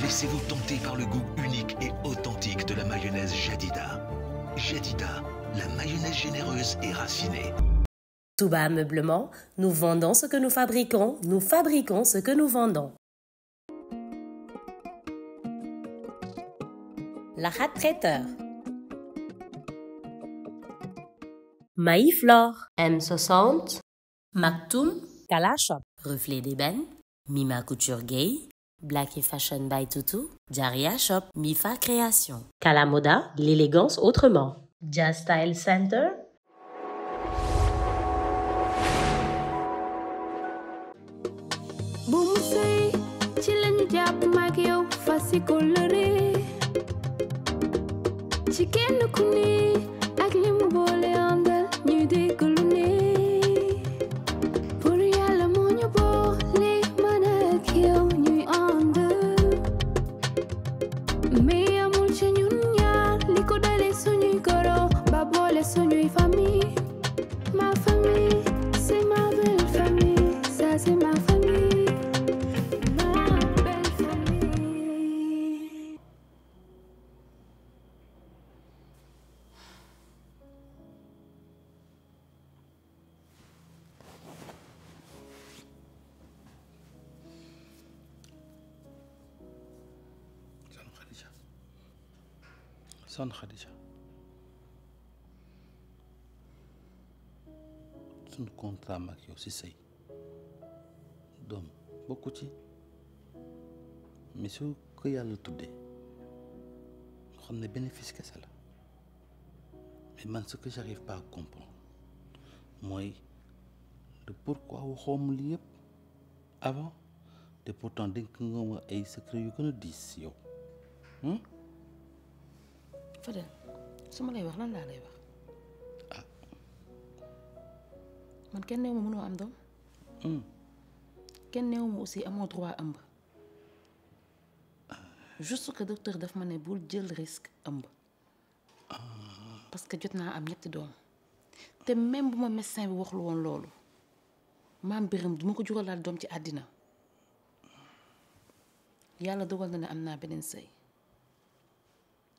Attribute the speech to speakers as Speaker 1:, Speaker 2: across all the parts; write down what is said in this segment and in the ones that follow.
Speaker 1: Laissez-vous tenter
Speaker 2: par le goût unique et authentique de la mayonnaise Jadida. Jadida, la
Speaker 3: mayonnaise généreuse et racinée. bas Meublement, nous vendons ce que nous fabriquons, nous fabriquons ce que nous vendons. La Traiteur Maïflore, M60, Maktoum, Kalashop, Reflet d'ébène, Mima Couture Gay, Black Fashion by Tutu, Jaria Shop, Mifa Création, Kalamoda, l'élégance autrement,
Speaker 1: Jazz Style Center, fasi
Speaker 2: sonn Khadija suñu contrat mag yow si sëy doom bokku ci mais su ko yàlla de. xam ne bénéfice kese cela. mais man ce que j'arrive pas à comprendre Moi, de pourquoi au home lii avant de pourtant dénk nga ma ay secret yu gën a diis yow. Hmm?
Speaker 1: Fadel su ma lay wax lan laa lay wax. Ah. man kenn neewu ma mënoo am doom. Hmm. kenn neewu ma aussi amoo droit ëmb. Ah. juste que docteur daf ma ne bul jël risque ëmb. Ah. parce que jot naa am ñetti doom. te même bu ma médecin bi waxul woon loolu maam Biram duma ma ko juralaat doom ci àddina yàlla dogal na ne am naa beneen sëy.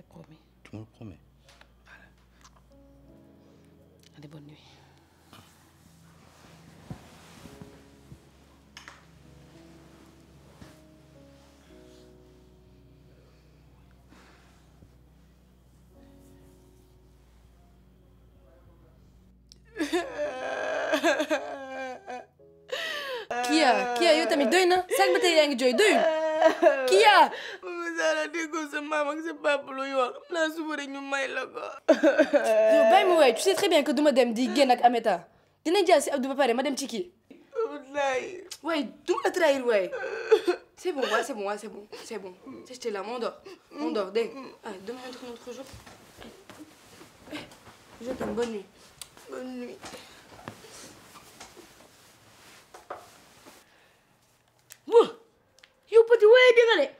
Speaker 1: C'est promis. Tu me le promets. Allez, bonne nuit.
Speaker 3: Kia, Kia yow tamit doy sac Kia déggoo sa maam sa papa lui yoon xam naa suba rek ñu may la ko. yow bàyyi ma waay tu sais très bien que duma dem di génn ak Ameta dina jaar si Abdou ba pare ma dem ci kii. wallaay. waay du ma la trahir waay. c'est bon waay c'est bon waay c'est bon c'est bon j'étais là on dort on dort dégg nga mm. ah, demain on autre jour. Eh, je t'aime bonne nuit. bonne nuit. yow Petit waaye dégg nga de.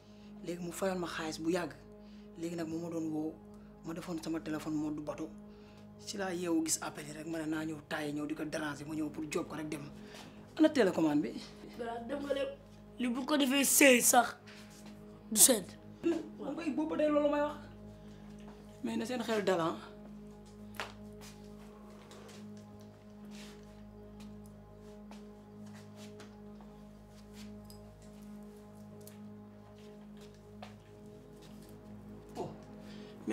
Speaker 3: Je mu fayal ma xaalis bu yàgg légui nak ma ma sama téléphone bato gis appel rek ma ne naa ñëw taay déranger ma pour job ko rek dem ana télécommande bi. li bu ko sax du mais na seen xel ah.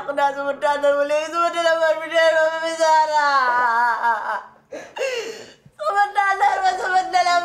Speaker 3: aku dah sudah dah boleh adalah dalam video bicara. Sudah dah sudah dalam.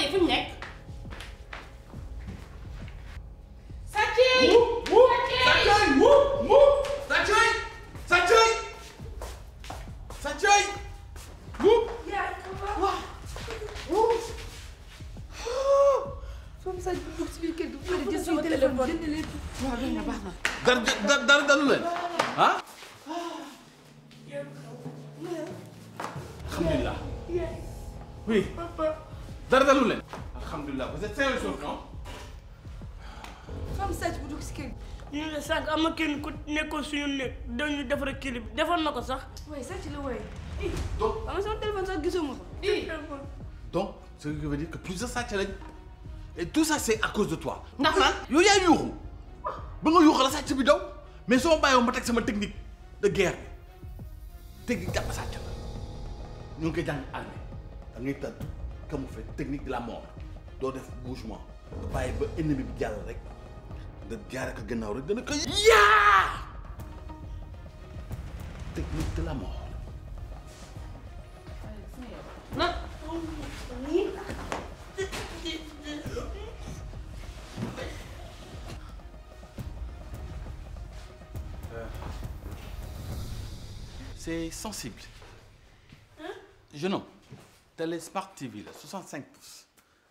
Speaker 4: để phân nhách Alhamdulillah, vous êtes sérieux, non
Speaker 3: Femme sàcc bu dugg si kër gi. ñu ne sànq am na kenn ku nekkoon suñu nekk dañu defar kii bi defoon na ko sax. waaye sàcc la waaye. donc am ah, sama téléphone ça, gisuma ko. téléphone.
Speaker 4: donc ce qui veut dire que plusieurs sàcc lañ et tout ça c'est à cause de toi. ndax lan yow yaa yuuxu ba nga yuuxu la sàcc bi daw mais soo bàyyiwoon ma teg sama technique de guerre technique jàpp sàcc la ñu ngi koy jàng armée da ngay tëdd fait, technique de la mort doo def mouvement nga bàyyi ba ennemi bi jàll rek nga de se gannaaw rek dana technique de la mort c'est sensible. Hein? Jeune homme, Télé Smart TV là, 65 pouces.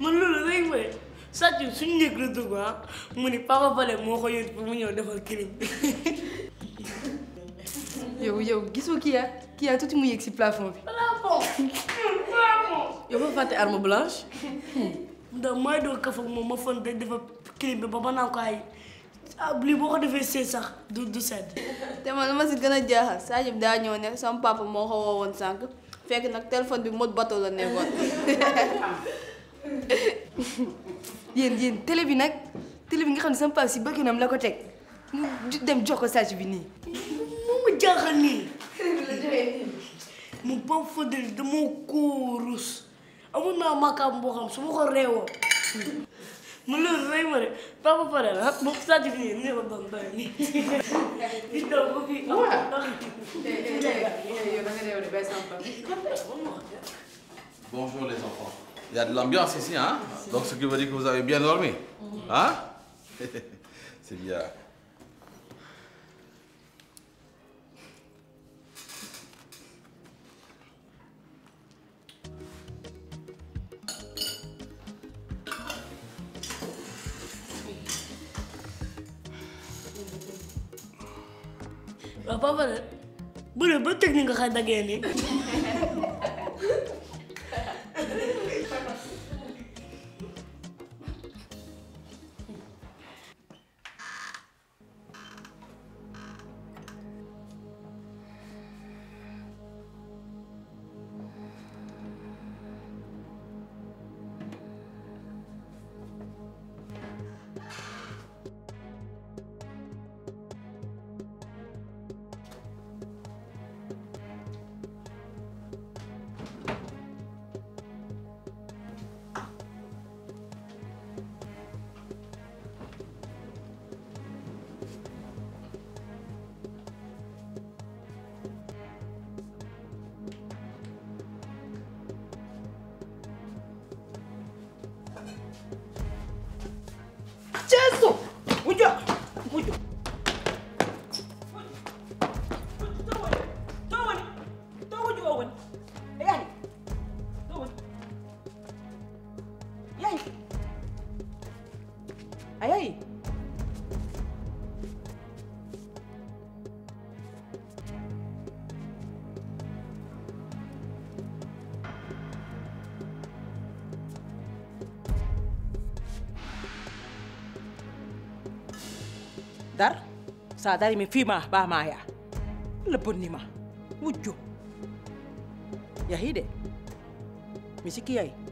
Speaker 3: man loolu rek mooy sàcc suñu njëkk la dugg ah mu ni Papa Balé moo ko yónni mu ñëw defal kilim. yow yow gisoo kii yaa kii yaa tuuti mu yëg si plafond bi. yow ma fàtte arme blanche. Hmm. ndax may doon kaf moom ma fan dañ defar kilim bi ba ma naa ko ay ah, lii boo ko defee seet sax du du sedd. te man ma si gën a jaaxal Sadio daa ñëw ne sama papa moo ko woowoon sànq fekk nag téléphone bi mode bateau la nekkoon. yéen yéen télé bi nag télé bi nga xamni sama papa si bëgginam la ko teg mu dem jox ko sàcc bi ni mu mu jaaxal ni mu ba Fadel dama ko rus amul na makaam boo xam su ko reewoo mu loolu rey ma de papa Fadel ah moom sàcc bi ni ne ma ba mu bari nii. di daw ba fii amul ndax.
Speaker 4: Bonjour les enfants. Il y a de l'ambiance ici, hein Donc ce qui veut dire que vous avez bien dormi. Mm. Hein C'est bien.
Speaker 3: papa vous avez une bonne technique à hein,
Speaker 1: 结束。dar sa dar mi fi ma ba ma ya lebon ni ma mujo ya hide misiki yai